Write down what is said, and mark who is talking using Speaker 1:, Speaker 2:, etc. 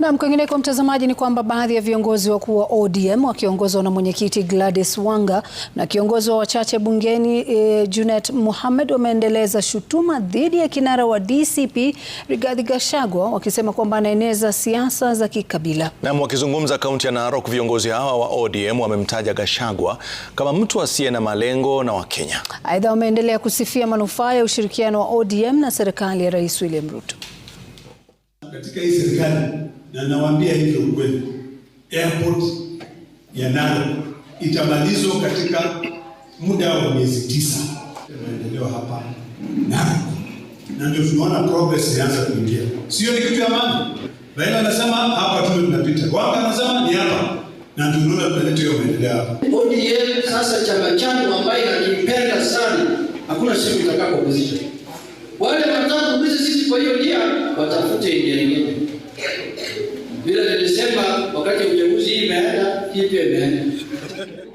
Speaker 1: Naam, kwingineko mtazamaji, ni kwamba baadhi ya viongozi wakuu wa ODM wakiongozwa na mwenyekiti Gladys Wanga na kiongozi wa wachache bungeni e, Junet Mohamed wameendeleza shutuma dhidi ya kinara wa DCP Rigathi Gachagua wakisema kwamba anaeneza siasa za kikabila.
Speaker 2: Naam, wakizungumza kaunti ya Narok, viongozi hawa wa ODM wamemtaja Gachagua kama mtu asiye na malengo na Wakenya.
Speaker 1: Aidha, wameendelea kusifia manufaa ya ushirikiano wa ODM na serikali ya Rais William Ruto
Speaker 3: katika hii serikali, na nawaambia hivyo ukweli, airport ya Narok itamalizwa katika muda wa miezi tisa. Maendeleo hapa Narok, na ndio tunaona progress inaanza kuingia. Sio ni kitu ya maana. Raila anasema hapa tu tunapita, Wanga anasema ni hapa, na ndio tunaona tunaleta hiyo maendeleo hapa.
Speaker 4: Bodi yetu sasa, chama changu ambaye inanipenda sana, hakuna siku itakapo kuzisha wale watatu mbizi sisi, kwa hiyo watafute njia nyingine. Bila nilisema wakati uchaguzi hii imeenda, hii imeenda.